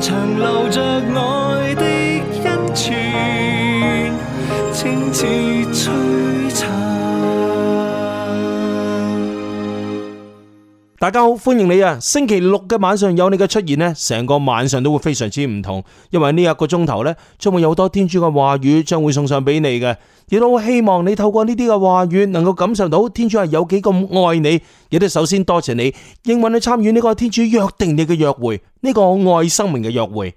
長留着。大家好，歡迎你啊！星期六嘅晚上有你嘅出現呢，成個晚上都會非常之唔同，因為呢一個鐘頭呢，將會有好多天主嘅話語將會送上俾你嘅。亦都希望你透過呢啲嘅話語，能夠感受到天主係有幾咁愛你。亦都首先多謝你應允你參與呢個天主約定你嘅約會，呢個愛生命嘅約會。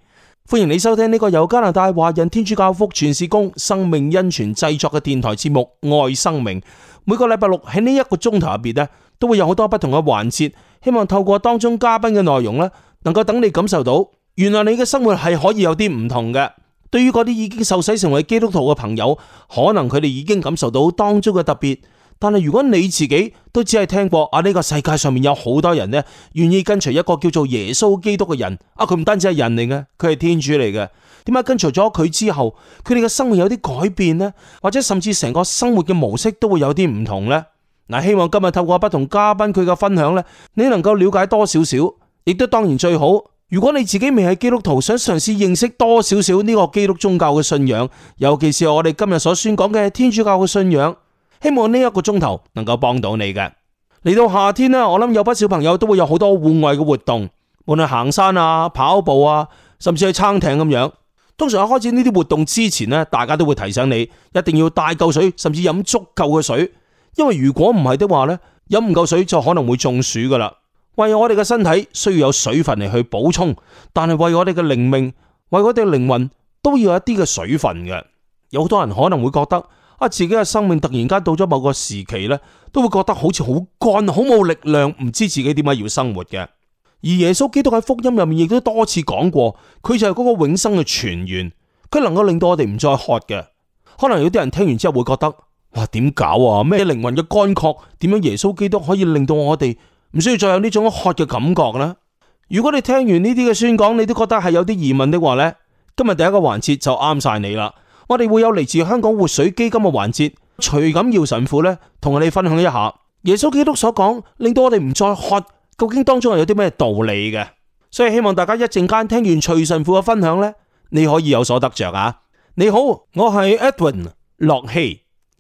歡迎你收聽呢個由加拿大華人天主教福傳事工生命恩泉製作嘅電台節目《愛生命》。每個禮拜六喺呢一個鐘頭入邊呢，都會有好多不同嘅環節，希望透過當中嘉賓嘅內容咧，能夠等你感受到，原來你嘅生活係可以有啲唔同嘅。對於嗰啲已經受洗成為基督徒嘅朋友，可能佢哋已經感受到當中嘅特別。但係如果你自己都只係聽過啊，呢個世界上面有好多人呢，願意跟隨一個叫做耶穌基督嘅人，啊，佢唔單止係人嚟嘅，佢係天主嚟嘅。點解跟隨咗佢之後，佢哋嘅生活有啲改變呢？或者甚至成個生活嘅模式都會有啲唔同呢？嗱，希望今日透過不同嘉賓佢嘅分享咧，你能夠了解多少少，亦都當然最好。如果你自己未係基督徒，想嘗試認識多少少呢個基督宗教嘅信仰，尤其是我哋今日所宣講嘅天主教嘅信仰，希望呢一個鐘頭能夠幫到你嘅。嚟到夏天呢，我諗有不少朋友都會有好多戶外嘅活動，無論行山啊、跑步啊，甚至去餐廳咁樣。通常喺開始呢啲活動之前呢，大家都會提醒你一定要帶夠水，甚至飲足夠嘅水。因為如果唔係的話咧，飲唔夠水就可能會中暑噶啦。為我哋嘅身體需要有水分嚟去補充，但係為我哋嘅靈命，為我哋嘅靈魂都要有一啲嘅水分嘅。有好多人可能會覺得啊，自己嘅生命突然間到咗某個時期咧，都會覺得好似好乾、好冇力量，唔知自己點解要生活嘅。而耶穌基督喺福音入面亦都多次講過，佢就係嗰個永生嘅泉源，佢能夠令到我哋唔再渴嘅。可能有啲人聽完之後會覺得。哇！點搞啊？咩靈魂嘅乾渴？點樣耶穌基督可以令到我哋唔需要再有呢種渴嘅感覺呢？如果你聽完呢啲嘅宣講，你都覺得係有啲疑問的話呢，今日第一個環節就啱晒你啦。我哋會有嚟自香港活水基金嘅環節，徐錦耀神父呢，同我哋分享一下耶穌基督所講，令到我哋唔再渴，究竟當中係有啲咩道理嘅？所以希望大家一陣間聽完徐神父嘅分享呢，你可以有所得着啊！你好，我係 Edwin 駱曦。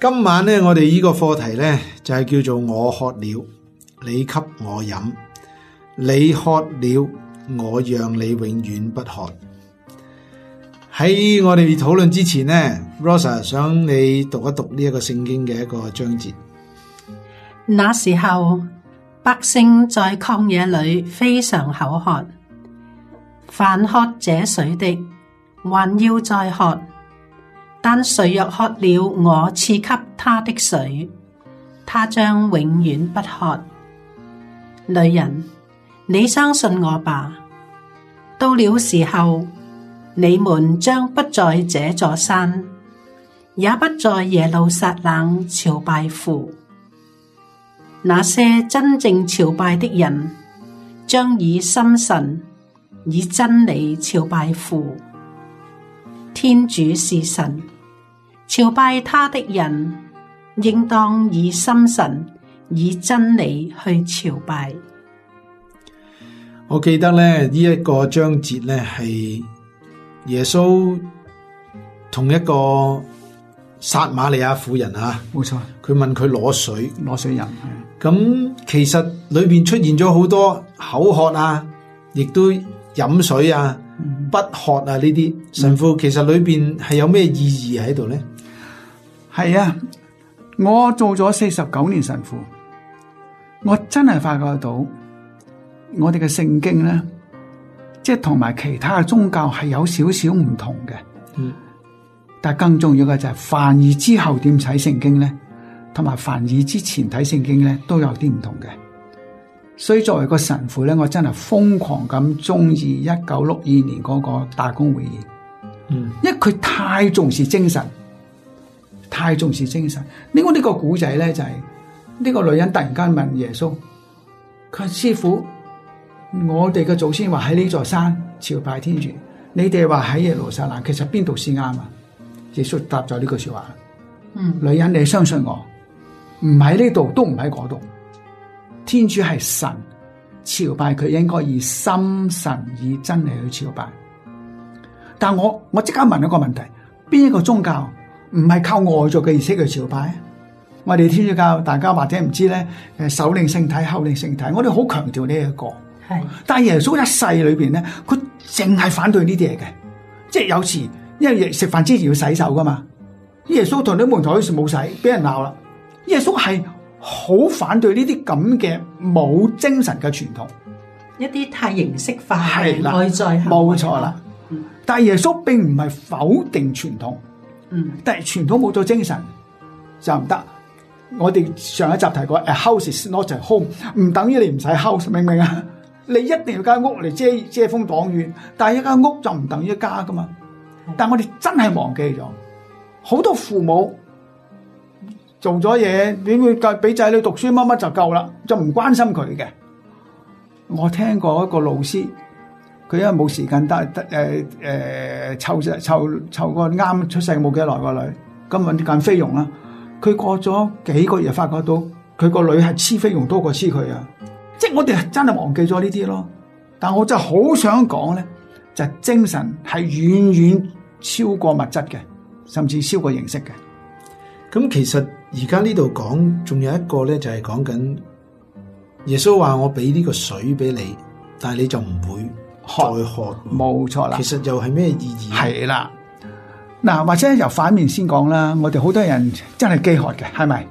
今晚呢，我哋呢個課題呢就係叫做我渴了，你給我飲；你喝了，我讓你永遠不渴。喺我哋討論之前呢，Rosa 想你讀一讀呢一個聖經嘅一個章節。那時候百姓在曠野裏非常口渴，凡喝這水的，還要再喝。但誰若喝了我賜給他的水，他將永遠不渴。女人，你相信我吧。到了時候，你們將不在這座山，也不在耶路撒冷朝拜父。那些真正朝拜的人，將以心神以真理朝拜父。天主是神。朝拜他的人，應當以心神、以真理去朝拜。我記得咧，呢一個章節咧係耶穌同一個撒瑪利亞婦人啊，冇錯。佢問佢攞水，攞水人。咁其實裏邊出現咗好多口渴啊，亦都飲水啊、不渴啊呢啲神父，其實裏邊係、嗯、有咩意義喺度咧？係啊，我做咗四十九年神父，我真係發覺到我哋嘅聖經咧，即係同埋其他嘅宗教係有少少唔同嘅。嗯，但係更重要嘅就係梵二之後點睇聖經咧，同埋梵二之前睇聖經咧都有啲唔同嘅。所以作為個神父咧，我真係瘋狂咁鍾意一九六二年嗰個大公會議。嗯，因為佢太重視精神。太重視精神。呢個呢個古仔咧就係、是、呢、呢個女人突然間問耶穌：佢師傅，我哋嘅祖先話喺呢座山朝拜天主，你哋話喺耶路撒冷，其實邊度先啱啊？耶穌答咗呢句說話：嗯，女人你相信我，唔喺呢度都唔喺嗰度。天主係神，朝拜佢應該以心神以真理去朝拜。但我我即刻問一個問題：邊一個宗教？唔係靠外族嘅形式去朝拜，我哋天主教大家或者唔知咧，誒，先領聖體後領聖體，我哋好強調呢一個。係，但係耶穌一世裏邊咧，佢淨係反對呢啲嘢嘅，即係有時因為食飯之前要洗手噶嘛，耶穌同啲門徒好似冇洗，俾人鬧啦。耶穌係好反對呢啲咁嘅冇精神嘅傳統，一啲太形式化嘅外在，冇錯啦。但係耶穌並唔係否定傳統。嗯，但係傳統冇咗精神就唔得。我哋上一集提過，a house is not a home，唔等於你唔使 house，明唔明啊？你一定要間屋嚟遮遮風擋雨，但係一間屋就唔等於一家噶嘛。嗯、但係我哋真係忘記咗，好多父母做咗嘢，點會教俾仔女讀書乜乜就夠啦？就唔關心佢嘅。我聽過一個老師。佢因為冇時間，得，得，誒、呃、誒，湊湊湊個啱出世冇幾耐個女，咁搵啲揀菲傭啦。佢過咗幾個月，發覺到佢個女係黐菲傭多過黐佢啊，即係我哋真係忘記咗呢啲咯。但我真係就好想講咧，就精神係遠遠超過物質嘅，甚至超過形式嘅。咁其實而家呢度講仲有一個咧，就係、是、講緊耶穌話：我俾呢個水俾你，但係你就唔會。開學冇錯啦，其實又係咩意義？係啦，嗱、呃、或者由反面先講啦，我哋好多人真係飢渴嘅，係咪？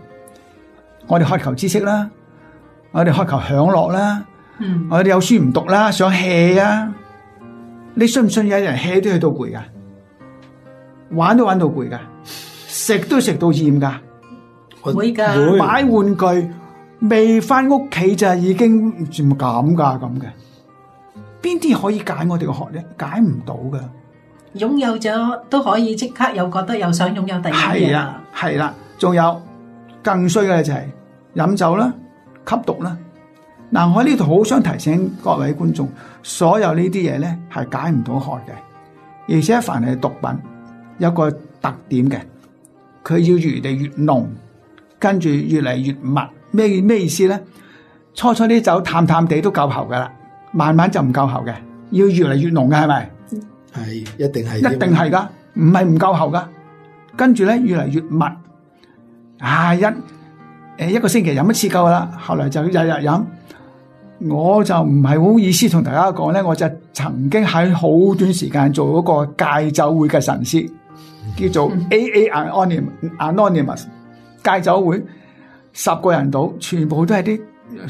我哋渴求知識啦，我哋渴求享樂啦，嗯、我哋有書唔讀啦，想 hea 啊，你信唔信有人 hea 都去到攰噶？玩都玩到攰噶，食都食到厭噶，會噶，買玩具未翻屋企就已經咁噶咁嘅。邊啲可以解我哋個渴咧？解唔到噶。擁有咗都可以即刻又覺得又想擁有第二樣。係啊，係啦、啊。仲有更衰嘅就係、是、飲酒啦、吸毒啦。嗱、啊，我喺呢度好想提醒各位觀眾，所有這些東西呢啲嘢咧，係解唔到渴嘅。而且凡係毒品，有個特點嘅，佢要越嚟越濃，跟住越嚟越密。咩咩意思咧？初初啲酒淡淡地都夠喉噶啦。慢慢就唔夠喉嘅，要越嚟越濃嘅，係咪？係一定係。一定係㗎，唔係唔夠喉㗎。跟住咧，越嚟越密。啊一誒一個星期飲一次夠啦，後嚟就日日飲。我就唔係好意思同大家講咧，我就曾經喺好短時間做嗰個戒酒會嘅神師，叫做 A A Anonymous, Anonymous 戒酒會，十個人度，全部都係啲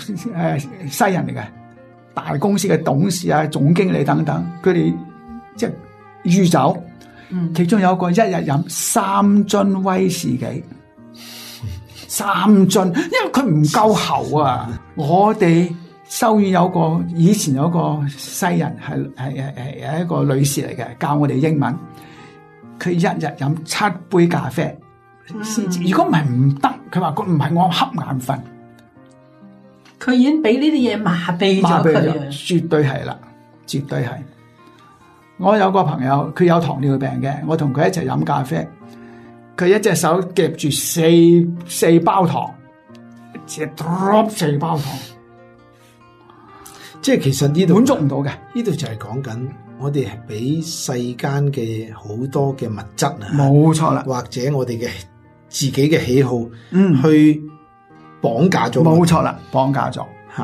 誒西人嚟嘅。大公司嘅董事啊、總經理等等，佢哋即係酗酒、嗯，其中有一個一日飲三樽威士忌，嗯、三樽，因為佢唔夠喉啊。我哋修院有個以前有一個西人，係係係係一個女士嚟嘅，教我哋英文。佢一日飲七杯咖啡，先、嗯、至。如果唔係唔得，佢話唔係我瞌眼瞓。佢已經俾呢啲嘢麻痹咗佢，絕對係啦，絕對係。我有個朋友，佢有糖尿病嘅，我同佢一齊飲咖啡，佢一隻手夾住四四包糖，一直 drop 四包糖， 即係其實呢度滿足唔到嘅。呢度就係講緊我哋係俾世間嘅好多嘅物質啊，冇錯啦，或者我哋嘅自己嘅喜好，嗯，去，綁架咗，冇錯啦，綁架咗吓。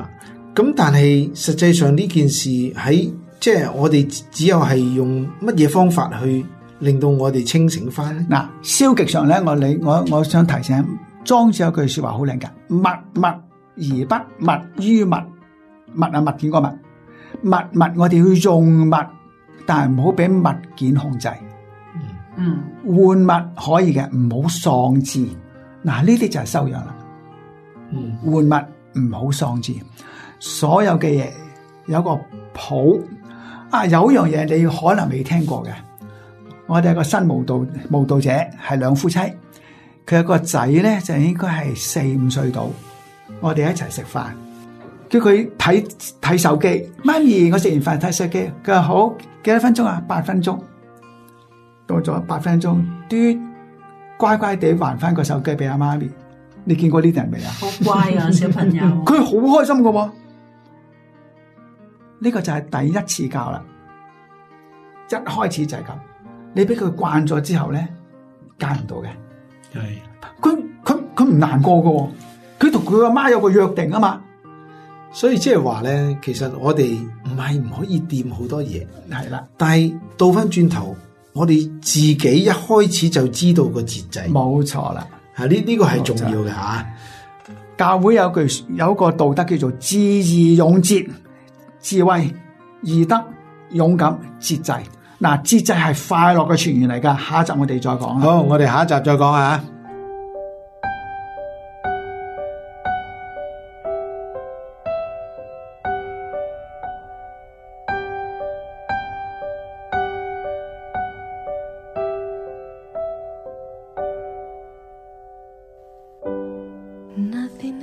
咁、啊、但係實際上呢件事喺即係我哋只有係用乜嘢方法去令到我哋清醒翻咧？嗱、啊，消極上咧，我你我我想提醒莊子有句說話好靚嘅，物物而不物於物，物啊，物件個物，物物，我哋要用物，但係唔好俾物件控制。嗯，換物可以嘅，唔好喪志。嗱、啊，呢啲就係修養啦。玩、嗯、物唔好喪志，所有嘅嘢有個譜。啊，有樣嘢你可能未聽過嘅，我哋有個新慕道慕道者係兩夫妻，佢有個仔咧就應該係四五歲到，我哋一齊食飯，叫佢睇睇手機。媽咪，我食完飯睇手機，佢話好，幾多分鐘啊，八分鐘。到咗八分鐘，嘟乖乖地還翻個手機俾阿媽咪。你見過呢啲人未啊？好乖啊，小朋友。佢 好開心噶喎，呢、呢個就係第一次教啦。一開始就係咁，你俾佢慣咗之後咧，教唔到嘅。係。佢佢佢唔難過噶，佢同佢阿媽有個約定啊嘛。所以即係話咧，其實我哋唔係唔可以掂好多嘢，係啦。但係倒翻轉頭，我哋自己一開始就知道個節制，冇錯啦。啊！呢、這、呢個係重要嘅。嗯、教會有句有一個道德叫做智義勇節，智慧義德勇敢節制。嗱，節制係快樂嘅泉源嚟㗎。下一集我哋再講啦。好，我哋下一集再講。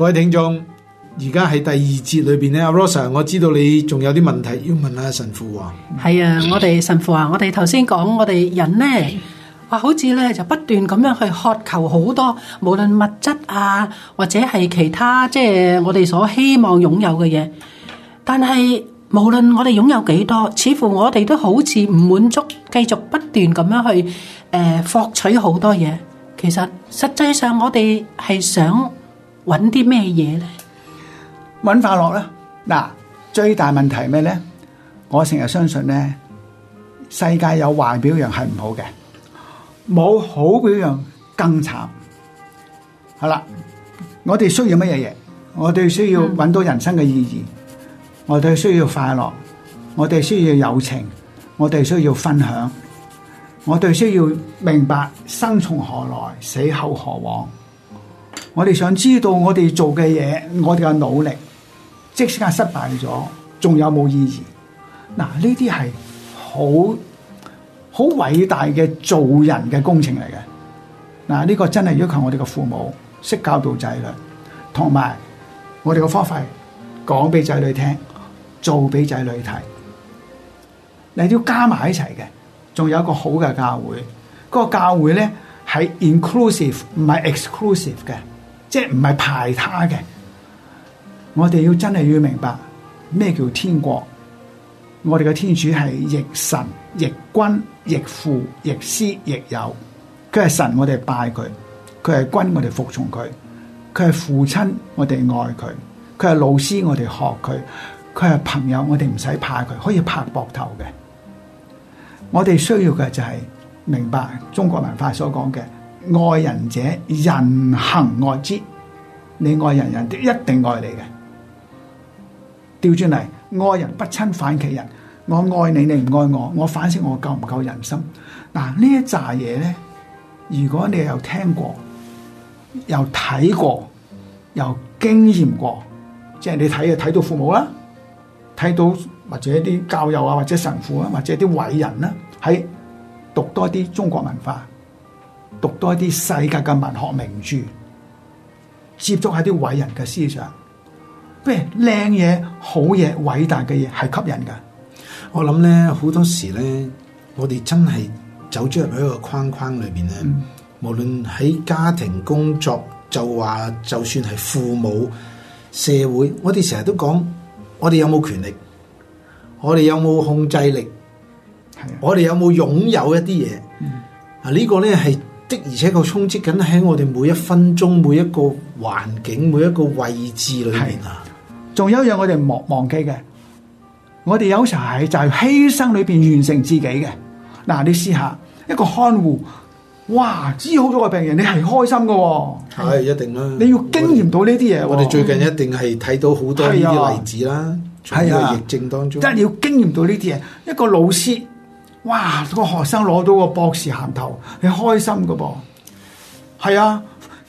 各位聽眾，而家喺第二節裏邊咧，阿 Rosa，我知道你仲有啲問題要問阿神父啊。係啊，我哋神父啊，我哋頭先講，我哋人咧，啊，好似咧就不斷咁樣去渴求好多，無論物質啊，或者係其他，即係我哋所希望擁有嘅嘢。但係無論我哋擁有幾多，似乎我哋都好似唔滿足，繼續不斷咁樣去誒獲取好多嘢。其實實際上我哋係想。揾啲咩嘢咧？揾快樂啦！嗱，最大問題係咩咧？我成日相信咧，世界有壞表揚係唔好嘅，冇好表揚更慘。好啦，我哋需要乜嘢嘢？我哋需要揾到人生嘅意義，嗯、我哋需要快樂，我哋需要友情，我哋需要分享，我哋需要明白生從何來，死後何往。我哋想知道我哋做嘅嘢，我哋嘅努力，即使失敗咗，仲有冇意義？嗱，呢啲係好好偉大嘅做人嘅工程嚟嘅。嗱，呢個真係要求我哋嘅父母識教導仔女，同埋我哋嘅方法講俾仔女聽，做俾仔女睇。你都要加埋一齊嘅，仲有一個好嘅教會。嗰個教會咧係 inclusive，唔係 exclusive 嘅。即係唔係排他嘅，我哋要真係要明白咩叫天國。我哋嘅天主係亦神亦君亦父亦師亦友，佢係神，我哋拜佢，佢係君，我哋服從佢，佢係父親，我哋愛佢，佢係老師，我哋學佢，佢係朋友，我哋唔使怕佢，可以拍膊頭嘅。我哋需要嘅就係、是、明白中國文化所講嘅。愛人者，人恒愛之。你愛人人，都一定愛你嘅。調轉嚟，愛人不親反其人。我愛你，你唔愛我，我反思我夠唔夠人心。嗱，呢一紮嘢咧，如果你又聽過、又睇過、又經驗過，即係你睇啊，睇到父母啦，睇到或者啲教友啊，或者神父啊，或者啲偉人啦，喺讀多啲中國文化。讀多一啲世界嘅文學名著，接觸下啲偉人嘅思想，不靚嘢、好嘢、偉大嘅嘢係吸引噶。我諗咧，好多時咧，我哋真係走咗入去一個框框裏邊咧，嗯。無論喺家庭、工作，就話就算係父母、社會，我哋成日都講，我哋有冇權力？我哋有冇控制力？我哋有冇擁有一啲嘢？啊、嗯，這個、呢個咧係。的而且個衝擊緊喺我哋每一分鐘、每一個環境、每一個位置裏面啊。仲有一樣我哋忘忘記嘅，我哋有時候係就係犧牲裏邊完成自己嘅。嗱、啊，你試下一個看護，哇，知好多個病人，你係開心嘅喎、哦。係一定啦。你要經驗到呢啲嘢。我哋最近一定係睇到好多呢啲例子啦，喺個、啊、疫症當中。真你、啊就是、要經驗到呢啲嘢。一個老師。哇！個學生攞到個博士銜頭，你開心噶噃？係啊，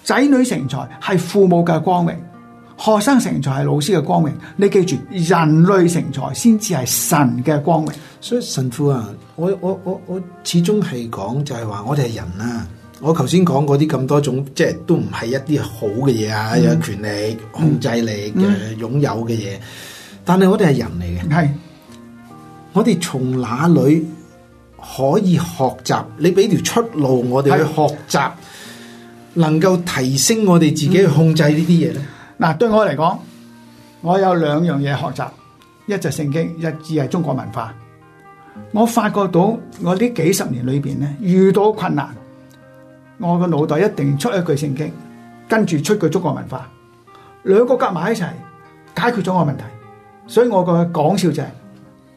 仔女成才係父母嘅光榮，學生成才係老師嘅光榮。你記住，人類成才先至係神嘅光榮。所以神父啊，我我我我始終係講就係話，我哋係人啊。我頭先講嗰啲咁多種，即係都唔係一啲好嘅嘢啊、嗯，有權利控制你嘅、嗯啊、擁有嘅嘢。但係我哋係人嚟嘅，係我哋從哪裏？可以學習，你俾條出路我哋去學習，能夠提升我哋自己去控制呢啲嘢咧。嗱、嗯嗯啊，對我嚟講，我有兩樣嘢學習，一就係聖經，一至係中國文化。我發覺到我呢幾十年裏面咧，遇到困難，我個腦袋一定出一句聖經，跟住出句中國文化，兩個夾埋一齊解決咗我問題。所以我個講笑就係、是。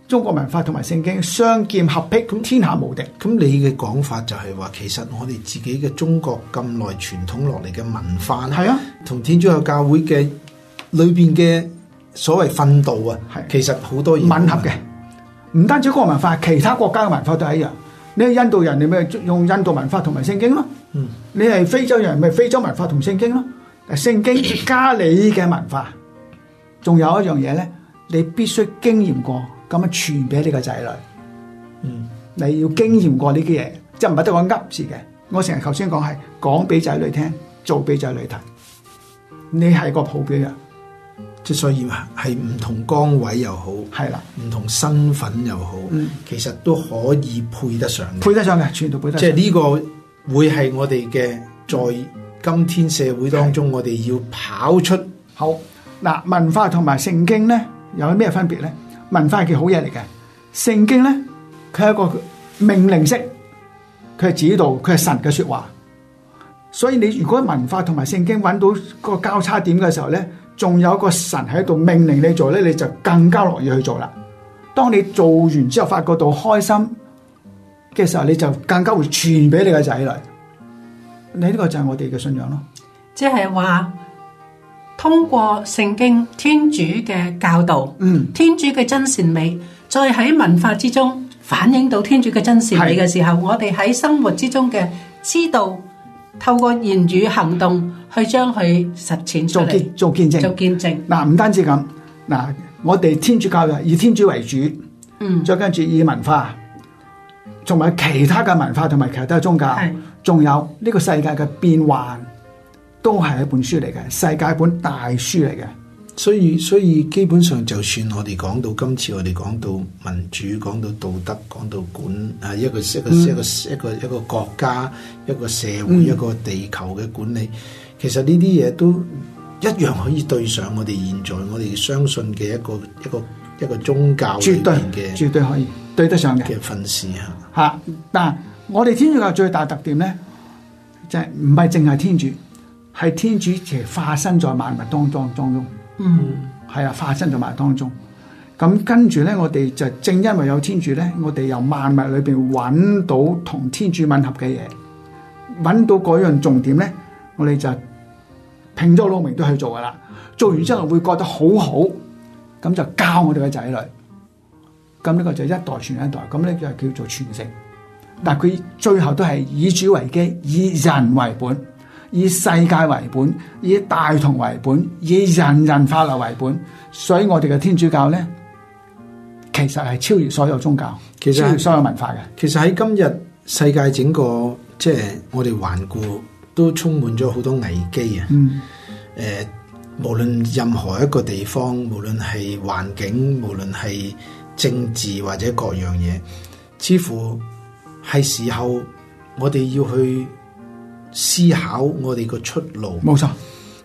中國文化同埋聖經雙劍合璧，咁天下無敵。咁你嘅講法就係話，其實我哋自己嘅中國咁耐傳統落嚟嘅文化，係啊，同天主教教會嘅裏邊嘅所謂訓導啊，係其實好多嘢吻合嘅。唔單止一個文化，其他國家嘅文化都係一樣。你係印度人，你咪用印度文化同埋聖經咯。嗯，你係非洲人，咪非洲文化同聖經咯。聖經加你嘅文化，仲咳咳有一樣嘢咧，你必須經驗過。咁樣傳俾你個仔女，嗯，你要經驗過呢啲嘢，即係唔係得我噏事嘅，我成日頭先講係講俾仔女聽，做俾仔女睇，你係個普遍嘅人，即所以係唔同崗位又好，係、嗯、啦，唔同身份又好、嗯，其實都可以配得上，配得上嘅，全部配得上，即係呢個會係我哋嘅，在今天社會當中，我哋要跑出好嗱文化同埋聖經咧，有咩分別咧？文化係件好嘢嚟嘅，聖經咧，佢係一個命令式，佢係指導，佢係神嘅說話。所以你如果文化同埋聖經搵到個交叉點嘅時候咧，仲有一個神喺度命令你做咧，你就更加樂意去做啦。當你做完之後發覺到開心嘅時候，你就更加會傳俾你嘅仔女。你、這、呢個就係我哋嘅信仰咯，即係話。通過聖經天主嘅教導，嗯，天主嘅真善美，再喺文化之中反映到天主嘅真善美嘅時候，我哋喺生活之中嘅知道，透過言語行動去將佢實踐出嚟，做見，做見證，做見證。嗱、啊，唔單止咁，嗱、啊，我哋天主教育，以天主為主，嗯，再跟住以文化，同埋其他嘅文化，同埋其他宗教，仲有呢個世界嘅變幻。都係一本書嚟嘅，世界一本大書嚟嘅。所以，所以基本上，就算我哋講到今次，我哋講到民主，講到道德，講到管啊，一個一個、嗯、一個一個一個國家、一個社會、嗯、一個地球嘅管理，其實呢啲嘢都一樣可以對上我哋現在我哋相信嘅一個一個一個宗教的絕對嘅，絕對可以對得上嘅嘅份事啊。嚇！但我哋天主教最大特點咧，就係唔係淨係天主。係天主其實化身在萬物當中當、當、當中，嗯，係啊，化身在萬物當中。咁跟住咧，我哋就正因為有天主咧，我哋由萬物裏邊揾到同天主吻合嘅嘢，揾到嗰樣重點咧，我哋就拼咗老命都去做噶啦。做完之後會覺得好好，咁、嗯、就教我哋嘅仔女。咁呢個就一代傳一代，咁呢就叫做傳承。但係佢最後都係以主為基，以人為本。以世界為本，以大同為本，以人人化流為本，所以我哋嘅天主教呢，其實係超越所有宗教，其實超越所有文化嘅。其實喺今日世界整個，即係我哋環顧，都充滿咗好多危機啊！誒、嗯、呃，無論任何一個地方，無論係環境，無論係政治或者各樣嘢，似乎係時候我哋要去。思考我哋個出路，冇錯。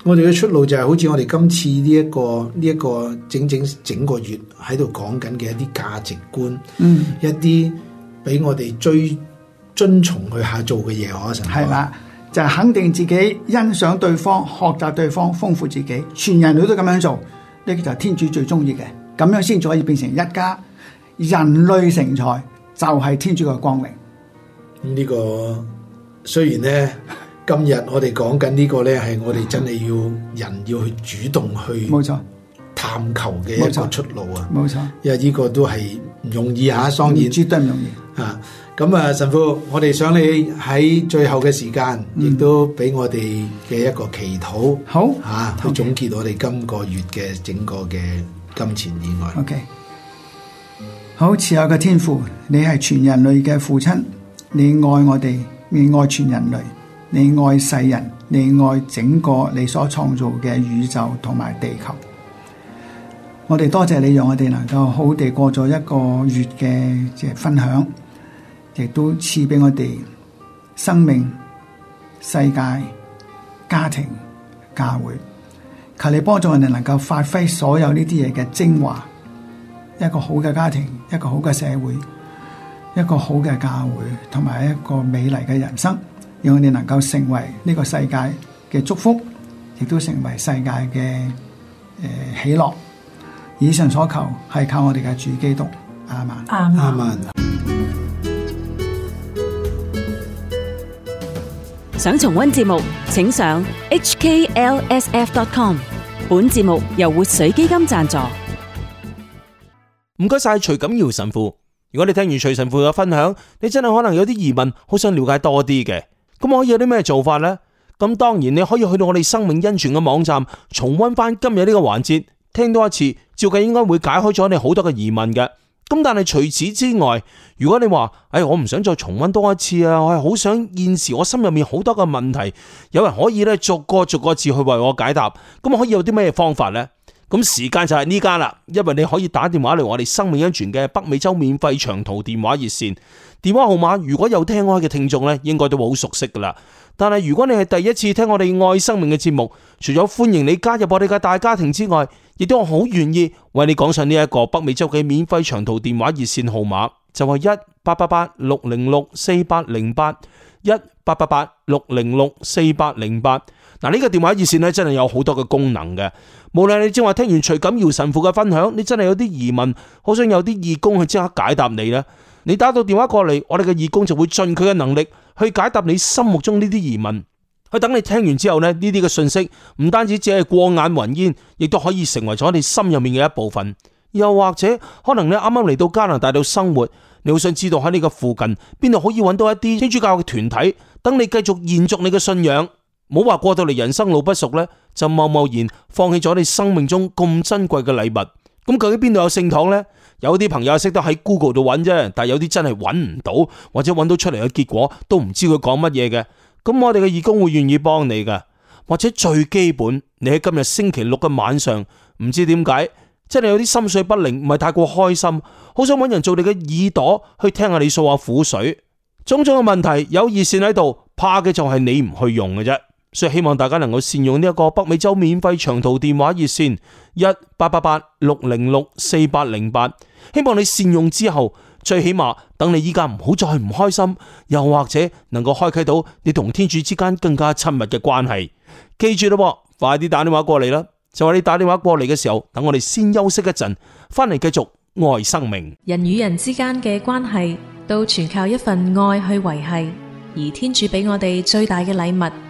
我哋嘅出路就係好似我哋今次呢一個呢一個整整整個月喺度講緊嘅一啲價值觀，嗯，一啲俾我哋最遵從去下做嘅嘢可，神係啦，就是、肯定自己欣賞對方，學習對方，豐富自己。全人類都咁樣做，呢個就係天主最中意嘅。咁樣先可以變成一家人類成才，就係天主嘅光榮。呢個。雖然呢，今日我哋講緊呢個呢，係我哋真係要人要去主動去探求嘅一個出路啊！冇錯，錯，因為呢個都係唔容易吓、啊，當然絕對唔容易吓。咁啊，啊，神父，我哋想你喺最後嘅時間，亦、嗯、都俾我哋嘅一個祈禱，好吓、啊，去總結我哋今個月嘅整個嘅金錢意外。OK，好，慈愛嘅天父，你係全人類嘅父親，你愛我哋。你愛全人類，你愛世人，你愛整個你所創造嘅宇宙同埋地球。我哋多謝你，讓我哋能夠好地過咗一個月嘅分享，亦都賜俾我哋生命、世界、家庭、教會。求你幫助人哋能夠發揮所有呢啲嘢嘅精華，一個好嘅家庭，一個好嘅社會，一個好嘅教會，同埋一個美麗嘅人生，讓你能夠成為呢個世界嘅祝福，亦都成為世界嘅、誒、呃、喜樂。以上所求係靠我哋嘅主基督阿們，阿們。想重溫節目，請上 hklsf.com。本節目由活水基金贊助。唔該晒，徐錦堯神父。如果你聽完徐神父嘅分享，你真係可能有啲疑問，好想了解多啲嘅，咁我可以有啲咩做法呢？咁當然你可以去到我哋生命恩泉嘅網站，重温翻今日呢個環節，聽多一次，照計應該會解開咗你好多嘅疑問嘅。咁但係除此之外，如果你話，誒我唔想再重温多一次啊，我係好想現時我心入面好多嘅問題，有人可以咧逐個逐個字去為我解答，咁我可以有啲咩方法呢？.咁時間就係呢間啦，因為你可以打電話嚟我哋生命恩泉嘅北美洲免費長途電話熱線電話號碼。如果有聽開嘅聽眾呢，應該都好熟悉噶啦。但係如果你係第一次聽我哋愛生命嘅節目，除咗歡迎你加入我哋嘅大家庭之外，亦都我好願意為你講上呢一個北美洲嘅免費長途電話熱線號碼，就係一八八八六零六四八零八一八八八六零六四八零八。嗱，呢個電話熱線呢，真係有好多嘅功能嘅。無論你正話聽完徐錦堯神父嘅分享，你真係有啲疑問，好想有啲義工去即刻解答你呢，你打到電話過嚟，我哋嘅義工就會盡佢嘅能力去解答你心目中呢啲疑問。去等你聽完之後呢，呢啲嘅信息唔單止只係過眼雲煙，亦都可以成為咗你心入面嘅一部分。又或者可能你啱啱嚟到加拿大度生活，你好想知道喺呢個附近邊度可以揾到一啲天主教嘅團體，等你繼續延續你嘅信仰。冇話過到嚟人生路不熟呢，就貿貿然放棄咗你生命中咁珍貴嘅禮物。咁究竟邊度有聖堂呢？有啲朋友識得喺 Google 度揾啫，但係有啲真係揾唔到，或者揾到出嚟嘅結果都唔知佢講乜嘢嘅。咁我哋嘅義工會願意幫你嘅，或者最基本，你喺今日星期六嘅晚上，唔知點解，真係有啲心緒不寧，唔係太過開心，好想揾人做你嘅耳朵去聽下你訴下苦水。種種嘅問題有熱線喺度，怕嘅就係你唔去用嘅啫。所以希望大家能夠善用呢一個北美洲免費長途電話熱線一八八八六零六四八零八。希望你善用之後，最起碼等你依家唔好再唔開心，又或者能夠開啟到你同天主之間更加親密嘅關係。記住咯，快啲打電話過嚟啦！就話你打電話過嚟嘅時候，等我哋先休息一陣，翻嚟繼續愛生命。人與人之間嘅關係都全靠一份愛去維繫，而天主俾我哋最大嘅禮物。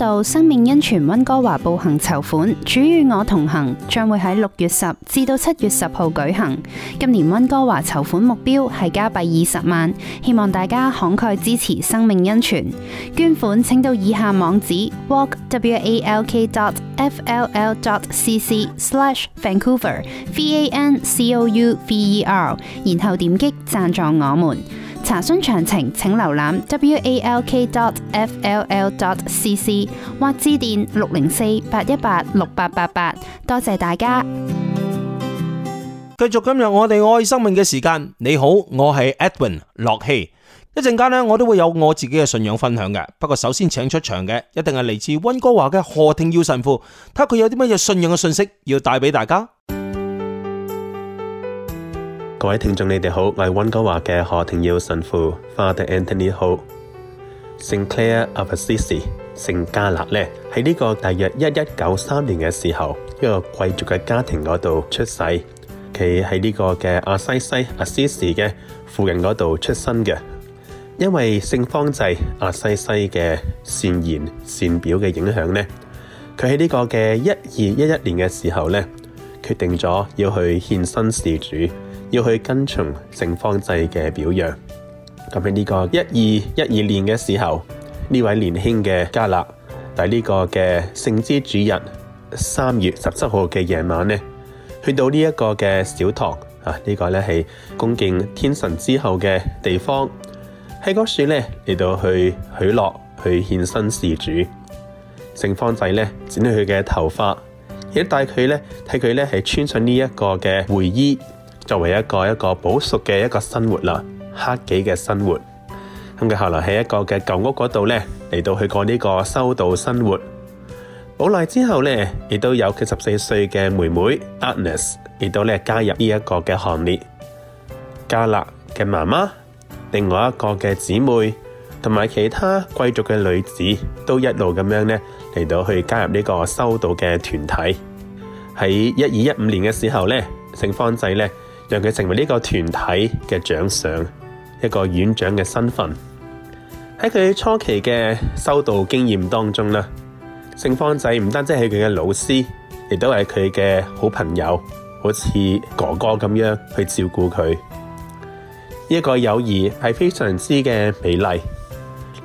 到生命恩泉溫哥華步行籌款，主與我同行將會喺六月十至到七月十號舉行。今年溫哥華籌款目標係加幣二十萬，希望大家慷慨支持生命恩泉。捐款請到以下網址 walkw a l k dot f l l dot c c slash vancouver v a n c o u v e r，然後點擊贊助我們。.查詢詳情，請瀏覽 walk.fll.cc 或致電六零四八一八六八八八。多謝大家。繼續今日我哋愛生命嘅時間。你好，我係 Edwin 駱曦。一陣間咧，我都會有我自己嘅信仰分享嘅。不過首先，請出場嘅一定係嚟自溫哥華嘅賀廷耀神父，睇下佢有啲乜嘢信仰嘅信息要帶俾大家。各位聽眾，你哋好，我係温哥華嘅何庭耀神父，Father Anthony 好。聖 Claire of Assisi，聖加勒咧喺呢個大約一一九三年嘅時候，一個貴族嘅家庭嗰度出世，佢喺呢個嘅阿西西 Assisi 嘅附近嗰度出生嘅。因為聖方濟阿西西嘅善言善表嘅影響呢佢喺呢個嘅一二一一年嘅時候呢決定咗要去獻身事主。要去跟從聖方濟嘅表揚。咁喺呢個一二一二年嘅時候，呢位年輕嘅加勒喺呢個嘅聖枝主人日三月十七號嘅夜晚咧，去到呢一個嘅小堂啊，呢、呢個咧係恭敬天神之後嘅地方，喺嗰樹咧嚟到去許諾去獻身事主，聖方濟咧剪咗佢嘅頭髮，亦都帶佢咧，睇佢咧係穿上呢一個嘅會衣。作為一個一個補贖嘅一個生活啦，克己嘅生活。咁佢後來喺一個嘅舊屋嗰度咧，嚟到去過呢個修道生活。好耐之後咧，亦都有佢十四歲嘅妹妹 Agnes，亦都咧加入呢一個嘅行列。加勒嘅媽媽，另外一個嘅姊妹，同埋其他貴族嘅女子，都一路咁樣咧嚟到去加入呢個修道嘅團體。喺一二一五年嘅時候咧，聖方濟咧。讓佢成為呢個團體嘅獎賞，一個院長嘅身份。喺佢初期嘅修道經驗當中啦，聖方濟唔單止係佢嘅老師，亦都係佢嘅好朋友，好似哥哥咁樣去照顧佢。呢、呢個友誼係非常之嘅美麗，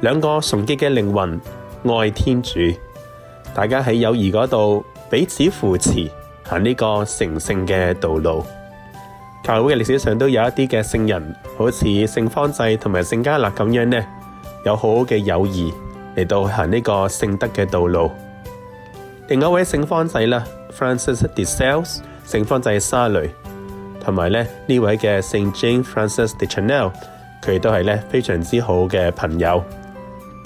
兩個崇基嘅靈魂愛天主，大家喺友誼嗰度彼此扶持，行呢個成聖嘅道路。教會嘅歷史上都有一啲嘅聖人，好似聖方濟同埋聖加勒咁樣呢，有好好嘅友誼嚟到行呢個聖德嘅道路。另一位聖方濟啦，Francis de Sales，聖方濟沙雷，同埋咧呢位嘅聖 Jane Francis de Chanel，佢都係咧非常之好嘅朋友。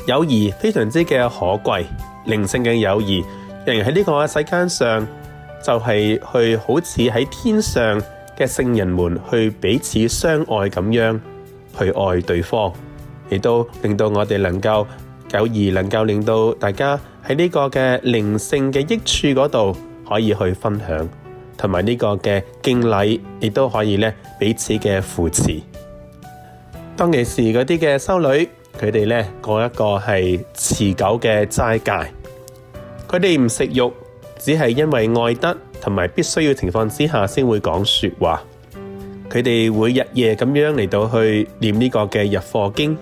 友誼非常之嘅可貴，靈性嘅友誼仍然喺呢個世間上就係去好似喺天上。嘅聖人們去彼此相愛咁樣去愛對方，亦都令到我哋能夠，友誼能夠令到大家喺呢個嘅靈性嘅益處嗰度可以去分享，同埋呢個嘅敬禮，亦都可以咧彼此嘅扶持。當其時嗰啲嘅修女，佢哋咧過一個係持久嘅齋戒，佢哋唔食肉，只係因為愛德。同埋必須要情況之下先會講説話，佢哋會日夜咁樣嚟到去念呢個嘅日課經，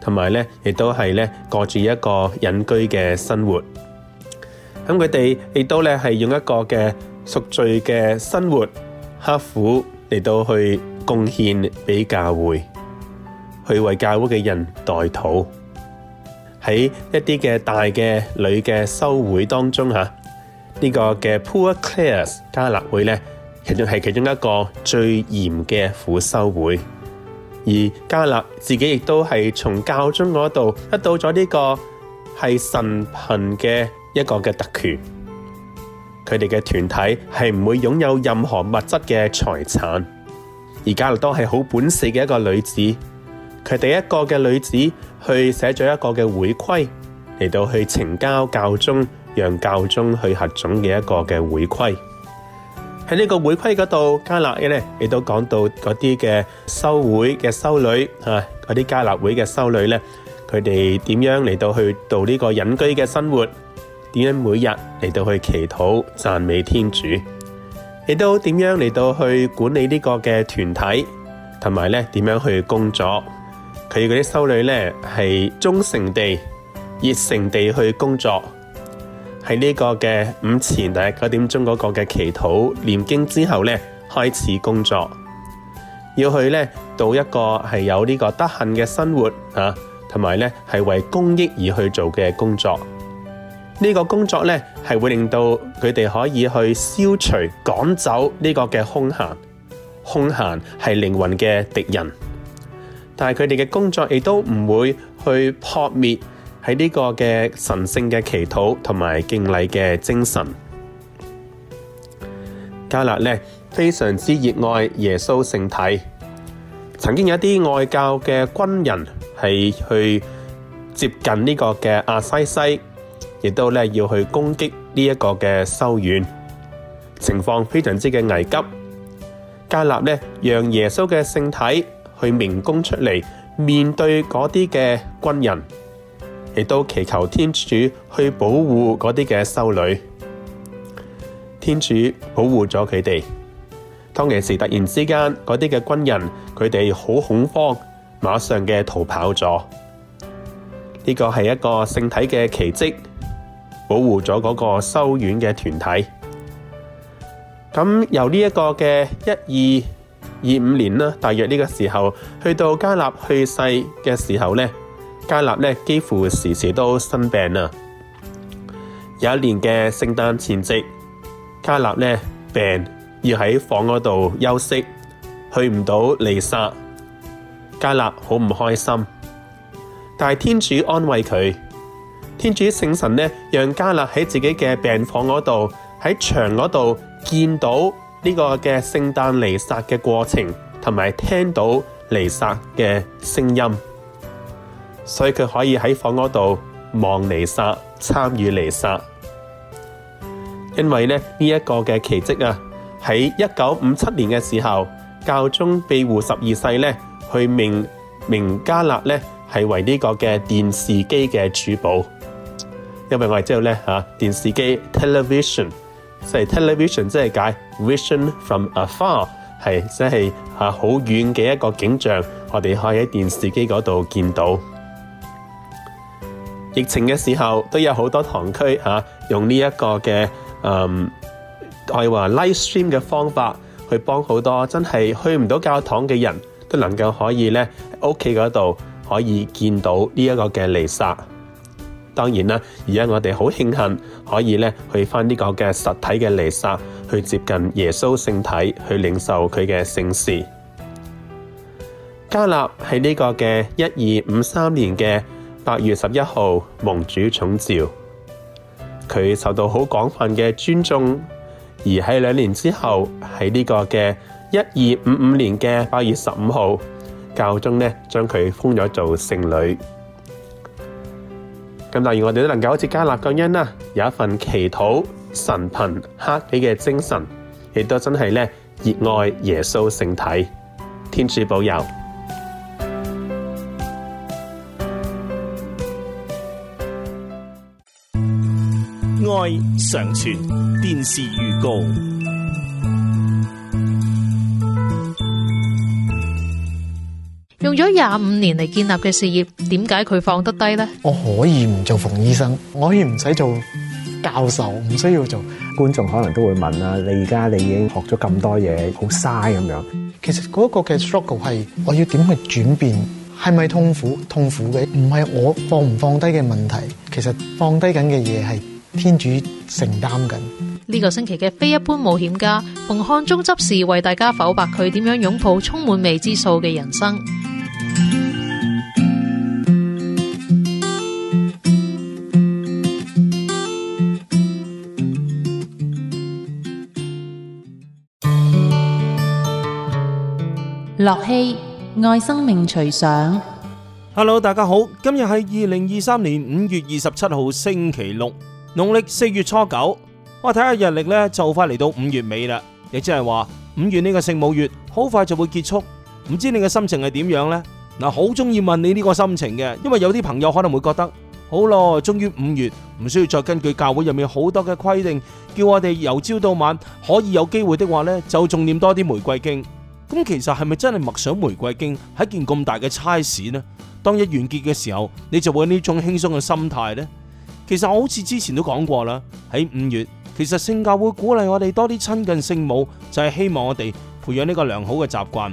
同埋咧亦都係咧過住一個隱居嘅生活。咁佢哋亦都咧係用一個嘅贖罪嘅生活，刻苦嚟到去貢獻俾教會，去為教會嘅人代禱，喺一啲嘅大嘅女嘅修會當中嚇。呢個嘅 Poor Clares 加勒會咧，其實係其中一個最嚴嘅苦修會，而加勒自己亦都係從教宗嗰度得到咗呢個係神貧嘅一個嘅特權，佢哋嘅團體係唔會擁有任何物質嘅財產。而加勒都係好本事嘅一個女子，佢第一個嘅女子去寫咗一個嘅會規嚟到去呈交教宗。讓教宗去核准嘅一個嘅會規，喺呢個會規嗰度，嘉勒嘅咧，亦都講到嗰啲嘅修會嘅修女吓，嗰啲嘉勒會嘅修女咧，佢哋點樣嚟到去度呢個隱居嘅生活？點樣每日嚟到去祈禱讚美天主？亦都點樣嚟到去管理呢個嘅團體，同埋咧點樣去工作？佢嗰啲修女咧係忠誠地、熱誠地去工作。喺呢個嘅午前第九點鐘嗰個嘅祈禱念經之後咧，開始工作，要去咧到一個係有、啊、有呢個德行嘅生活啊，同埋咧係為公益而去做嘅工作。呢、這個工作咧係會令到佢哋可以去消除、趕走呢個嘅空閒，空閒係靈魂嘅敵人。但係佢哋嘅工作亦都唔會去破滅。喺呢個嘅神聖嘅祈禱同埋敬禮嘅精神，嘉勒咧非常之熱愛耶穌聖體。曾經有一啲外教嘅軍人係去接近呢個嘅阿西西，亦都咧要去攻擊呢一個嘅修院，情況非常之嘅危急。嘉勒咧讓耶穌嘅聖體去明供出嚟面對嗰啲嘅軍人。亦都祈求天主去保護嗰啲嘅修女，天主保護咗佢哋。當其時突然之間，嗰啲嘅軍人佢哋好恐慌，馬上嘅逃跑咗。呢個係一個聖體嘅奇蹟，保護咗嗰個修院嘅團體。咁由呢一個嘅一二二五年啦，大約呢個時候去到加納去世嘅時候呢。加納咧，幾乎時時都生病啊！有一年嘅聖誕前夕，加納咧病，要喺房嗰度休息，去唔到彌撒。加納好唔開心，但係天主安慰佢，天主聖神咧，讓加納喺自己嘅病房嗰度，喺牆嗰度見到呢個嘅聖誕彌撒嘅過程，同埋聽到彌撒嘅聲音。所以佢可以喺房嗰度望彌撒，參與彌撒，因為咧呢一、這個嘅奇跡啊，喺一九五七年嘅時候，教宗庇護十二世咧去命名嘉勒咧係為呢個嘅電視機嘅主保，因為我哋知道咧嚇、啊、電視機 television，即係 television 即係解 vision from afar，係即係嚇好遠嘅一個景象，我哋可以喺電視機嗰度見到。疫情嘅時候都有好多堂區吓、啊，用呢一個嘅，嗯，可以話 live stream 嘅方法，去幫好多真係去唔到教堂嘅人，都能夠可以喺，屋企嗰度可以見到呢一個嘅彌撒。當然啦，而家我哋好慶幸可以咧去返呢個嘅實體嘅彌撒，去接近耶穌聖體，去領受佢嘅聖事。加納喺呢個嘅一二五三年嘅。八月十一號，蒙主寵召。佢受到好廣泛嘅尊重，而喺兩年之後，喺呢個嘅一二五五年嘅八月十五號，教宗呢將佢封咗做聖女。咁，但係我哋都能夠好似加納咁樣啦，有一份祈禱、神貧、克己嘅精神，亦都真係咧熱愛耶穌聖體，天主保佑。上傳電視預告。用咗廿五年嚟建立嘅事業，點解佢放得低呢？我可以唔做馮醫生，我可以唔使做教授，唔需要做。觀眾可能都會問啦：你而家你已經學咗咁多嘢，好嘥咁樣。其實嗰個嘅 struggle 係我要點去轉變，係咪痛苦？痛苦嘅唔係我放唔放低嘅問題，其實放低緊嘅嘢係天主承擔緊。呢個星期嘅非一般冒險家馮漢中執事為大家剖白佢點樣擁抱充滿未知數嘅人生。駱曦愛生命隨想。Hello，大家好，今日係二零二三年五月二十七號星期六。農曆四月初九，我睇下日曆咧，就快嚟到五月尾啦。亦即係話五月呢個聖母月好快就會結束，唔知你嘅心情係點樣咧？嗱，好中意問你呢個心情嘅，因為有啲朋友可能會覺得，好咯，終於五月唔需要再根據教會入面好多嘅規定，叫我哋由朝到晚可以有機會的話咧，就重念多啲玫瑰經。咁其實係咪真係默想玫瑰經係一件咁大嘅差事呢？當一完結嘅時候，你就會有呢種輕鬆嘅心態咧？其實我好似之前都講過啦，喺五月，其實聖教會鼓勵我哋多啲親近聖母，就係希望我哋培養呢個良好嘅習慣。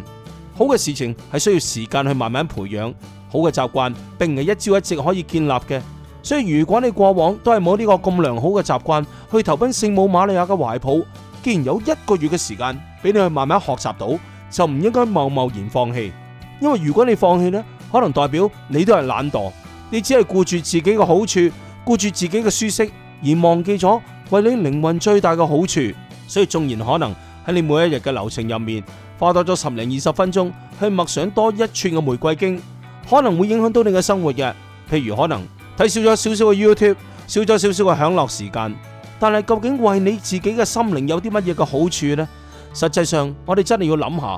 好嘅事情係需要時間去慢慢培養，好嘅習慣並唔係一朝一夕可以建立嘅。所以如果你過往都係冇呢個咁良好嘅習慣去投奔聖母瑪利亞嘅懷抱，既然有一個月嘅時間俾你去慢慢學習到，就唔應該貿貿然放棄。因為如果你放棄呢，可能代表你都係懶惰，你只係顧住自己嘅好處。顧住自己嘅舒適而忘記咗為你靈魂最大嘅好處，所以縱然可能喺你每一日嘅流程入面花多咗十零二十分鐘去默想多一串嘅玫瑰經，可能會影響到你嘅生活嘅，譬如，可能睇少咗少少嘅 YouTube，少咗少少嘅享樂時間，但係究竟為你自己嘅心靈有啲乜嘢嘅好處呢？實際上，我哋真係要諗下，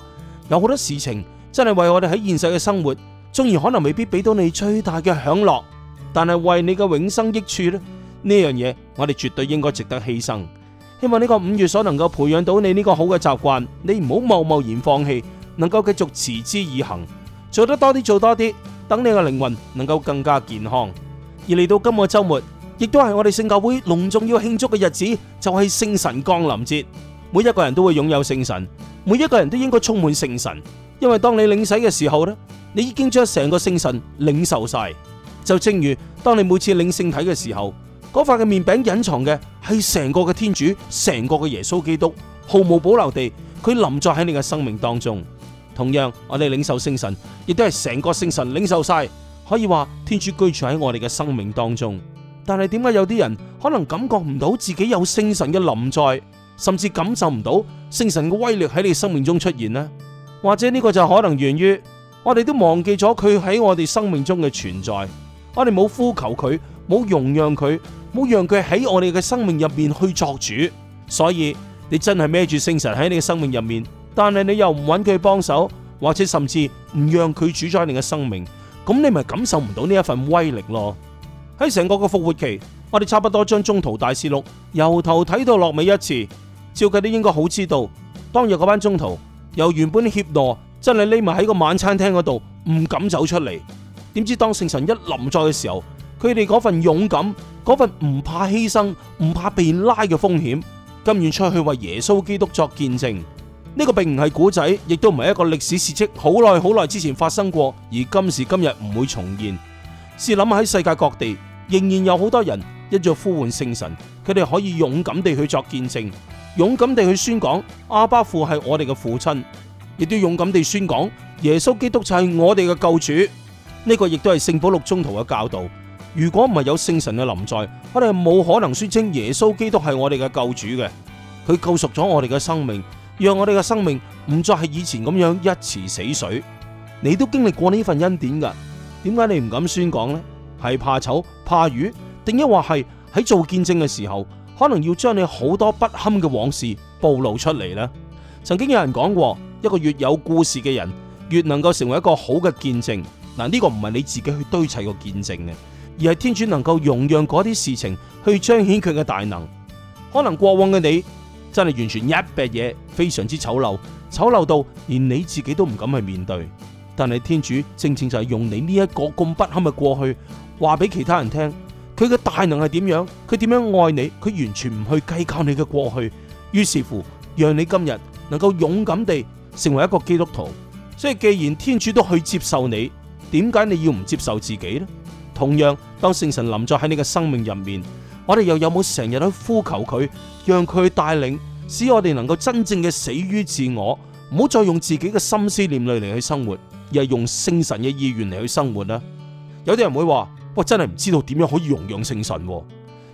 有好多事情真係為我哋喺現實嘅生活，縱然可能未必俾到你最大嘅享樂。但係為你嘅永生益處咧，呢樣嘢我哋絕對應該值得犧牲。希望呢個五月所能夠培養到你呢個好嘅習慣，你唔好貿貿然放棄，能夠繼續持之以恆，做得多啲，做多啲，等你嘅靈魂能夠更加健康。而嚟到今個周末，亦都係我哋聖教會隆重要慶祝嘅日子，就係聖神降臨節。每一個人都會擁有聖神，每一個人都應該充滿聖神，因為當你領洗嘅時候咧，你已經將成個聖神領受晒。就正如當你每次領聖體嘅時候，嗰塊嘅麵餅隱藏嘅係成個嘅天主，成個嘅耶穌基督，毫無保留地佢臨在喺你嘅生命當中。同樣，我哋領受聖神亦都係成個聖神領受晒，可以話天主居住喺我哋嘅生命當中。但係點解有啲人可能感覺唔到自己有聖神嘅臨在，甚至感受唔到聖神嘅威力喺你嘅生命中出現呢？或者呢個就可能源於我哋都忘記咗佢喺我哋生命中嘅存在。我哋冇呼求佢，冇容讓佢，冇讓佢喺我哋嘅生命入面去作主。所以你真係孭住聖神喺你嘅生命入面，但係你又唔揾佢幫手，或者甚至唔讓佢主宰你嘅生命，咁你咪感受唔到呢一份威力咯。喺成個個復活期，我哋差不多將宗徒大事錄由頭睇到落尾一次，照計都應該好知道當日嗰班宗徒由原本怯懦，真係匿埋喺個晚餐廳嗰度，唔敢走出嚟。點知當聖神一臨在嘅時候，佢哋嗰份勇敢，嗰份唔怕犧牲，唔怕被拉嘅風險，甘願出去為耶穌基督作見證。呢個並唔係古仔，亦都唔係一個歷史事蹟，好耐好耐之前發生過，而今時今日唔會重現。試諗喺世界各地，仍然有好多人一再呼喚聖神，佢哋可以勇敢地去作見證，勇敢地去宣講阿巴父係我哋嘅父親，亦都勇敢地宣講耶穌基督就係我哋嘅救主。呢、這個亦都係聖保祿宗徒嘅教導。如果唔係有聖神嘅臨在，我哋冇可能宣稱耶穌基督係我哋嘅救主嘅。佢救贖咗我哋嘅生命，讓我哋嘅生命唔再係以前咁樣一池死水。你都經歷過呢份恩典噶，點解你唔敢宣講呢？係怕醜、怕魚，定抑或係喺做見證嘅時候，可能要將你好多不堪嘅往事暴露出嚟呢？曾經有人講過，一個越有故事嘅人，越能夠成為一個好嘅見證。嗱，呢個唔係你自己去堆砌個見證嘅，而係天主能夠容讓嗰啲事情去彰顯佢嘅大能。可能過往嘅你真係完全一撇嘢，非常之醜陋，醜陋到連你自己都唔敢去面對。但係天主正正就係用你呢一個咁不堪嘅過去話俾其他人聽，佢嘅大能係點樣？佢點樣愛你？佢完全唔去計較你嘅過去，於是乎，讓你今日能夠勇敢地成為一個基督徒。所以既然天主都去接受你，點解你要唔接受自己呢？同樣，當聖神臨在喺你嘅生命入面，我哋又有冇成日都呼求佢，讓佢帶領，使我哋能夠真正嘅死於自我，唔好再用自己嘅心思念慮嚟去生活，而係用聖神嘅意願嚟去生活呢？有啲人會話：我真係唔知道點樣可以榮耀聖神啊。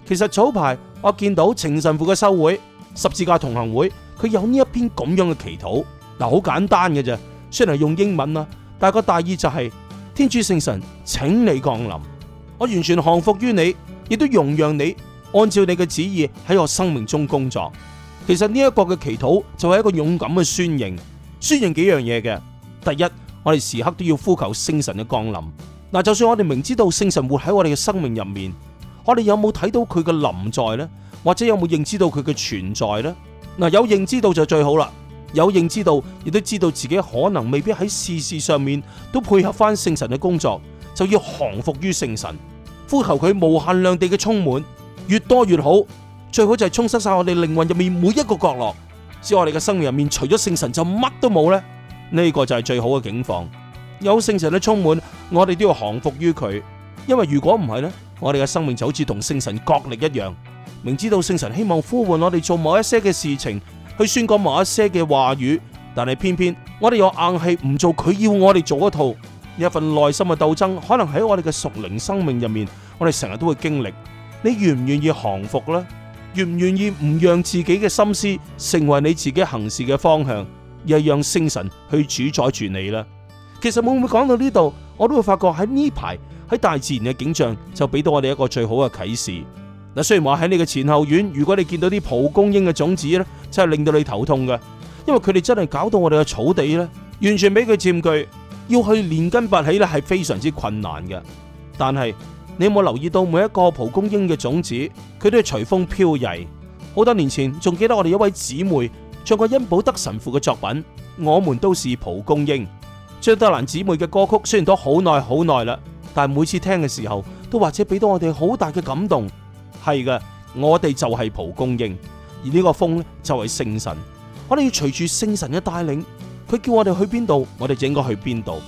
其實早排我見到情神父嘅修會十字架同行會，佢有呢一篇咁樣嘅祈禱，嗱，好簡單嘅啫，雖然係用英文啊，但係個大意就係……天主聖神，請你降臨，我完全降服於你，亦都容讓你按照你嘅旨意喺我生命中工作。其實呢一個嘅祈禱就係一個勇敢嘅宣認，宣認幾樣嘢嘅。第一，我哋時刻都要呼求聖神嘅降臨。嗱，就算我哋明知道聖神活喺我哋嘅生命入面，我哋有冇睇到佢嘅臨在呢？或者有冇認知到佢嘅存在呢？嗱，有認知到就最好啦。有認知到，亦都知道自己可能未必喺事事上面都配合翻聖神嘅工作，就要降服於聖神，呼求佢無限量地嘅充滿，越多越好，最好就係充塞晒我哋靈魂入面每一個角落，使我哋嘅生命入面除咗聖神就乜都冇呢。呢個就係最好嘅境況。有聖神嘅充滿，我哋都要降服於佢，因為如果唔係呢，我哋嘅生命就好似同聖神角力一樣。明知道聖神希望呼喚我哋做某一些嘅事情。去宣講某一些嘅話語，但係偏偏我哋有硬係唔做佢要我哋做一套，一份內心嘅鬥爭，可能喺我哋嘅屬靈生命入面，我哋成日都會經歷。你願唔願意降服呢？願唔願意唔讓自己嘅心思成為你自己行事嘅方向，又讓聖神去主宰住你呢？其實會唔會講到呢度，我都會發覺喺呢排喺大自然嘅景象就俾到我哋一個最好嘅啟示。嗱，雖然話喺你嘅前後院，如果你見到啲蒲公英嘅種子咧，真係令到你頭痛嘅，因為佢哋真係搞到我哋嘅草地咧，完全俾佢佔據，要去連根拔起咧係非常之困難嘅。但係你有冇留意到每一個蒲公英嘅種子，佢都係隨風飄逸。好多年前仲記得我哋一位姊妹唱過恩寶德神父嘅作品《我們都是蒲公英》，張德蘭姊妹嘅歌曲雖然都好耐好耐啦，但係每次聽嘅時候都或者俾到我哋好大嘅感動。係嘅，我哋就係蒲公英，而呢個風呢，就係聖神。我哋要隨住聖神嘅帶領，佢叫我哋去邊度，我哋就應該去邊度。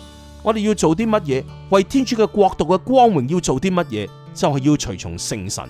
我哋要做啲乜嘢，為天主嘅國度嘅光榮要做啲乜嘢，就係要隨從聖神。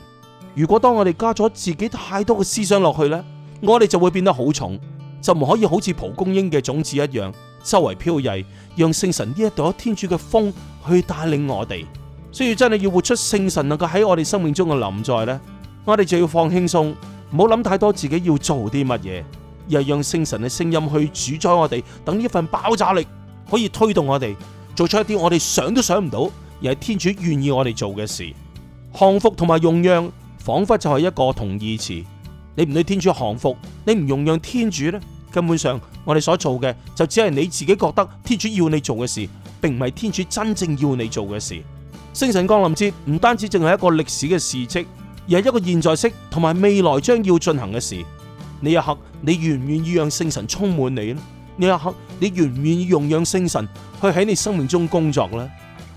如果當我哋加咗自己太多嘅思想落去呢，我哋就會變得好重，就唔可以好似蒲公英嘅種子一樣，周圍飄逸，讓聖神呢一朵天主嘅風去帶領我哋。所以真係要活出聖神，能夠喺我哋生命中嘅臨在呢，我哋就要放輕鬆，唔好諗太多自己要做啲乜嘢，而係讓聖神嘅聲音去主宰我哋，等呢一份爆炸力可以推動我哋做出一啲我哋想都想唔到，而係天主願意我哋做嘅事。降服同埋用讓，仿佛就係一個同義詞。你唔對天主降服，你唔容讓天主呢，根本上我哋所做嘅就只係你自己覺得天主要你做嘅事，並唔係天主真正要你做嘅事。聖神降臨節唔單止淨係一個歷史嘅事跡，而係一個現在式同埋未來將要進行嘅事。你一刻，你願唔願意讓聖神充滿你呢？你一刻，你願唔願意用讓聖神去喺你生命中工作呢？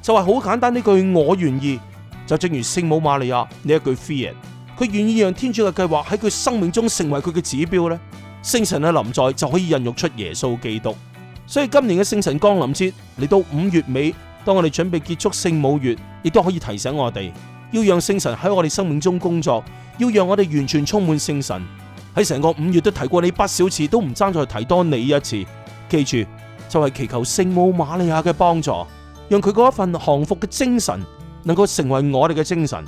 就係、是、好簡單呢句我願意，就正如聖母瑪利亞呢一句 fiat，佢願意讓天主嘅計劃喺佢生命中成為佢嘅指標呢。聖神喺臨在就可以孕育出耶穌基督。所以今年嘅聖神降臨節嚟到五月尾。當我哋準備結束聖母月，亦都可以提醒我哋，要讓聖神喺我哋生命中工作，要讓我哋完全充滿聖神。喺成個五月都提過你不少次，都唔爭再提多你一次。記住，就係祈求聖母瑪利亞嘅幫助，讓佢嗰一份降服嘅精神，能夠成為我哋嘅精神，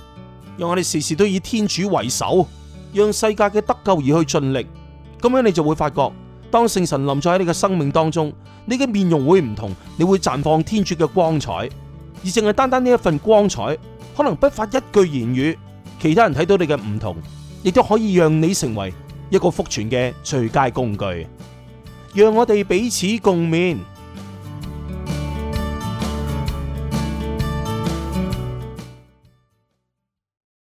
讓我哋時時都以天主為首，讓世界嘅得救而去盡力。咁樣你就會發覺。當聖神臨在喺你嘅生命當中，你嘅面容會唔同，你會綻放天主嘅光彩，而淨係單單呢一份光彩，可能不發一句言語，其他人睇到你嘅唔同，亦都可以讓你成為一個福傳嘅最佳工具，讓我哋彼此共勉。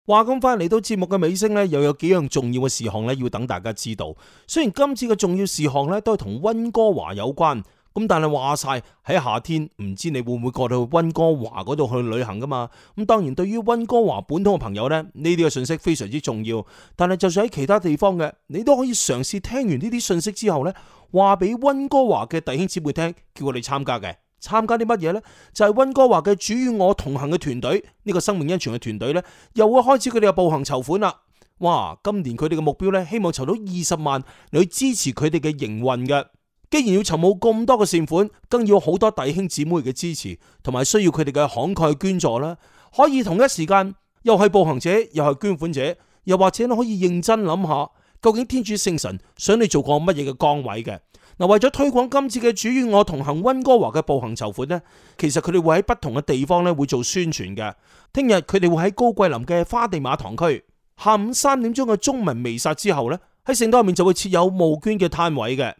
話咁快嚟到節目嘅尾聲咧，又有幾樣重要嘅事項咧，要等大家知道。雖然今次嘅重要事項咧都係同温哥華有關，咁但係話晒喺夏天，唔知你會唔會過到去温哥華嗰度去旅行噶嘛？咁當然，對於温哥華本土嘅朋友咧，呢啲嘅信息非常之重要。但係就算喺其他地方嘅，你都可以嘗試聽完呢啲信息之後咧，話俾温哥華嘅弟兄姊妹聽，叫我哋參加嘅。參加啲乜嘢呢？就係温哥華嘅主與我同行嘅團隊，呢個生命恩泉嘅團隊呢，又會開始佢哋嘅步行籌款啦。哇！今年佢哋嘅目標呢，希望籌到二十萬嚟支持佢哋嘅營運嘅。既然要籌募咁多嘅善款，更要好多弟兄姊妹嘅支持，同埋需要佢哋嘅慷慨捐助啦。可以同一時間又係步行者，又係捐款者，又或者可以認真諗下，究竟天主聖神想你做個乜嘢嘅崗位嘅？嗱，為咗推廣今次嘅主與我同行溫哥華嘅步行籌款咧，其實佢哋會喺不同嘅地方咧會做宣傳嘅。聽日佢哋會喺高貴林嘅花地瑪堂區，下午三點鐘嘅中文彌撒之後呢，喺聖堂入面就會設有募捐嘅攤位嘅。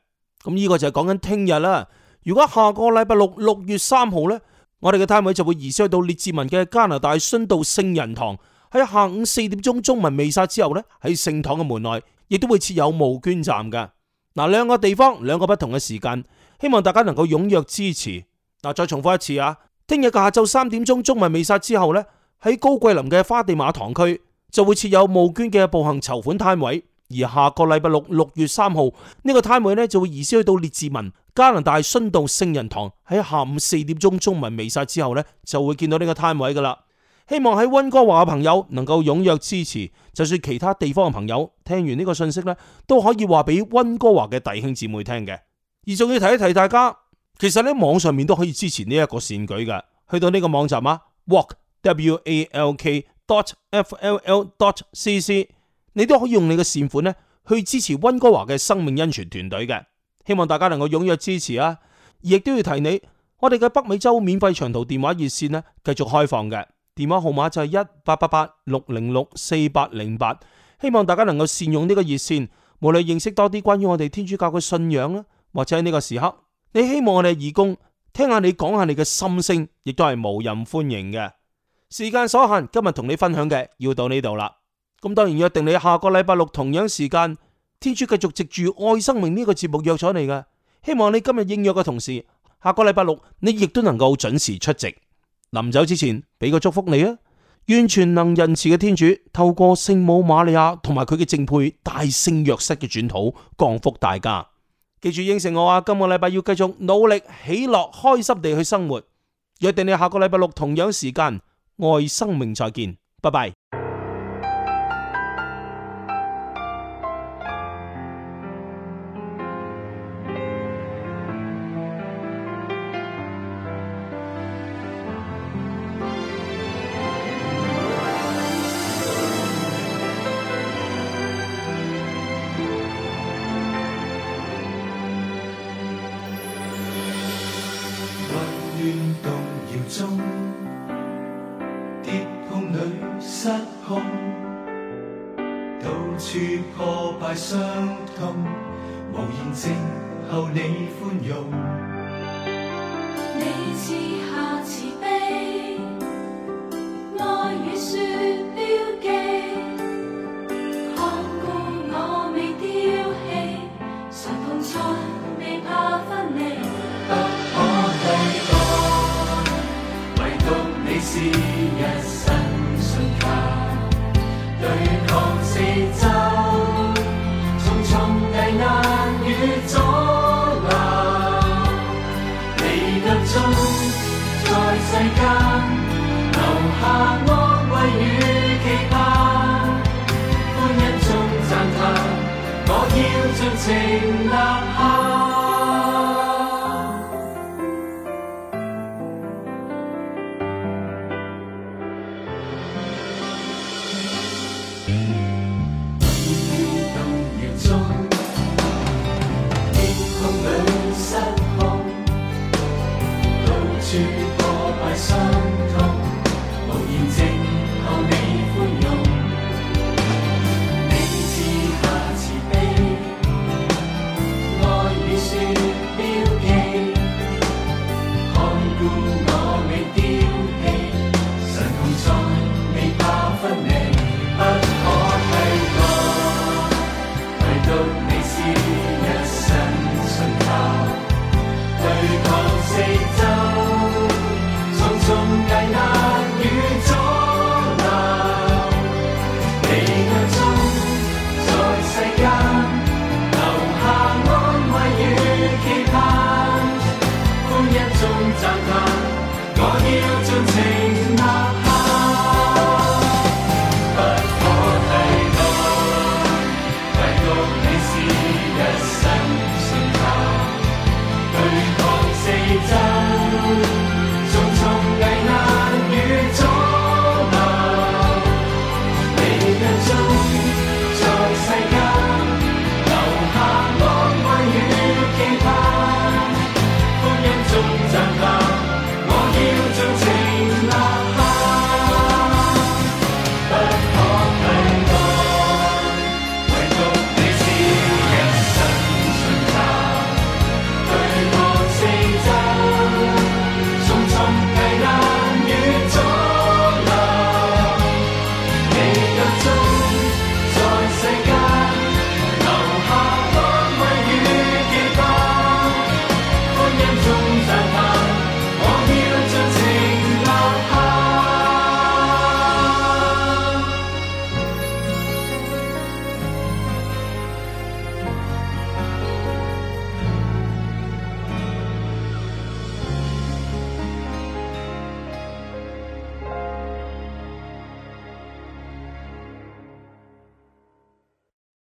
咁呢個就係講緊聽日啦。如果下個禮拜六六月三號呢，我哋嘅攤位就會移師去到列治文嘅加拿大殉道聖人堂，喺下午四點鐘中文彌撒之後呢，喺聖堂嘅門內亦都會設有募捐站嘅。嗱，兩個地方，兩個不同嘅時間，希望大家能夠踴躍支持。嗱，再重複一次啊，聽日嘅下晝三點鐘，中文彌撒之後呢喺高貴林嘅花地瑪堂區就會設有募捐嘅步行籌款攤位；而下個禮拜六六月三號呢個攤位呢，就會移師去到列治文加拿大殉道聖人堂，喺下午四點鐘中文彌撒之後呢就會見到呢個攤位㗎喇。希望喺溫哥華嘅朋友能夠踴躍支持，就算其他地方嘅朋友聽完呢個信息咧，都可以話俾溫哥華嘅弟兄姊妹聽嘅。而仲要提一提大家，其實咧網上面都可以支持呢一個善舉嘅。去到呢個網站啊，walk w a l k f l l dot c c，你都可以用你嘅善款咧去支持溫哥華嘅生命恩泉團隊嘅。希望大家能夠踴躍支持啊，亦都要提你，我哋嘅北美洲免費長途電話熱線呢繼續開放嘅。電話號碼就係一八八八六零六四八零八，希望大家能夠善用呢個熱線，無論認識多啲關於我哋天主教嘅信仰，或者喺呢個時刻你希望我哋義工聽下你講下你嘅心聲，亦都係無任歡迎嘅。時間所限，今日同你分享嘅要到呢度啦。咁當然約定你下個禮拜六同樣時間，天主繼續藉住愛生命呢個節目約咗你嘅。希望你今日應約嘅同時，下個禮拜六你亦都能夠準時出席。臨走之前，俾個祝福你啊！願全能仁慈嘅天主透過聖母瑪利亞同埋佢嘅正配大聖若瑟嘅轉禱，降福大家。記住應承我啊，今個禮拜要繼續努力喜樂開心地去生活。約定你下個禮拜六同樣時間愛生命再見，拜拜。中跌碰裏失控，到處破敗傷痛，無言靜候你寬容。你賜